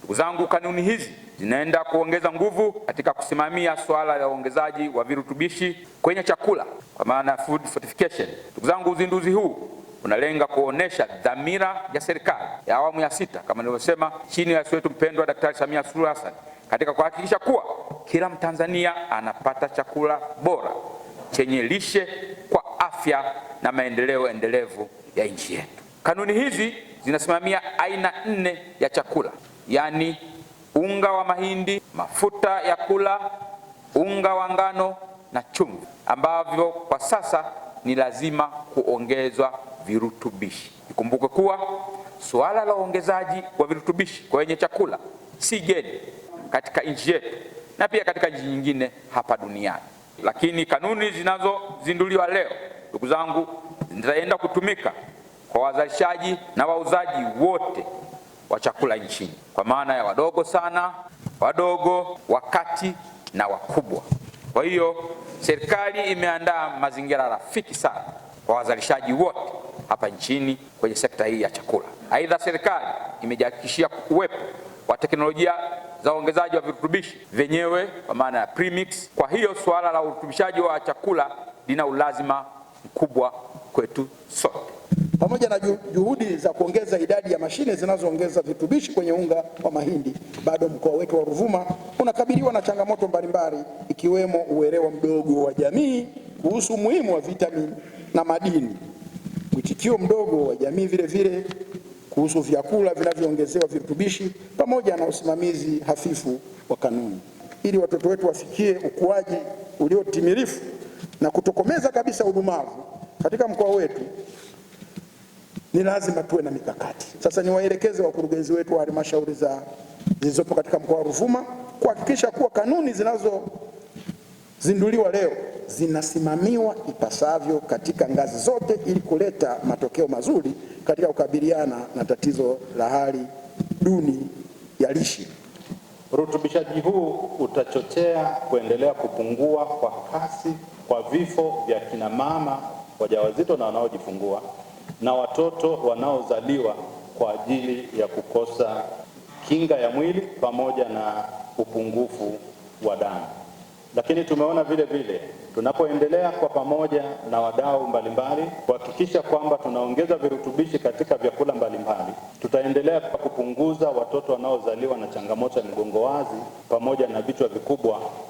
Ndugu zangu, kanuni hizi zinaenda kuongeza nguvu katika kusimamia swala la uongezaji wa virutubishi kwenye chakula kwa maana food fortification. Ndugu zangu, uzinduzi huu unalenga kuonesha dhamira ya serikali ya awamu ya sita kama nilivyosema, chini ya rais wetu mpendwa Daktari Samia Suluhu Hassan katika kuhakikisha kuwa kila Mtanzania anapata chakula bora chenye lishe kwa afya na maendeleo endelevu ya nchi yetu. Kanuni hizi zinasimamia aina nne ya chakula yani unga wa mahindi, mafuta ya kula, unga wa ngano na chumvi, ambavyo kwa sasa ni lazima kuongezwa virutubishi. Ikumbukwe kuwa suala la uongezaji wa virutubishi kwenye chakula si geni katika nchi yetu na pia katika nchi nyingine hapa duniani, lakini kanuni zinazozinduliwa leo, ndugu zangu, zitaenda kutumika kwa wazalishaji na wauzaji wote wa chakula nchini, kwa maana ya wadogo sana, wadogo, wakati na wakubwa. Kwa hiyo serikali imeandaa mazingira rafiki sana kwa wazalishaji wote hapa nchini kwenye sekta hii ya chakula. Aidha, serikali imejihakikishia uwepo wa teknolojia za uongezaji wa virutubishi vyenyewe kwa maana ya premix. Kwa hiyo suala la urutubishaji wa chakula lina ulazima mkubwa kwetu sote pamoja na juhudi za kuongeza idadi ya mashine zinazoongeza virutubishi kwenye unga wa mahindi, bado mkoa wetu wa Ruvuma unakabiliwa na changamoto mbalimbali ikiwemo uelewa mdogo wa jamii kuhusu umuhimu wa vitamini na madini, mwitikio mdogo wa jamii vile vile kuhusu vyakula vinavyoongezewa virutubishi, pamoja na usimamizi hafifu wa kanuni. Ili watoto wetu wafikie ukuaji uliotimilifu na kutokomeza kabisa udumavu katika mkoa wetu ni lazima tuwe na mikakati. Sasa niwaelekeze wakurugenzi wetu wa halmashauri za zilizopo katika mkoa wa Ruvuma kuhakikisha kuwa kanuni zinazozinduliwa leo zinasimamiwa ipasavyo katika ngazi zote ili kuleta matokeo mazuri katika kukabiliana na tatizo la hali duni ya lishe. Urutubishaji huu utachochea kuendelea kupungua kwa kasi kwa vifo vya kinamama wajawazito na wanaojifungua na watoto wanaozaliwa kwa ajili ya kukosa kinga ya mwili pamoja na upungufu wa damu. Lakini tumeona vile vile tunapoendelea kwa pamoja na wadau mbalimbali kuhakikisha kwamba tunaongeza virutubishi katika vyakula mbalimbali, tutaendelea kwa kupunguza watoto wanaozaliwa na changamoto ya mgongo wazi pamoja na vichwa vikubwa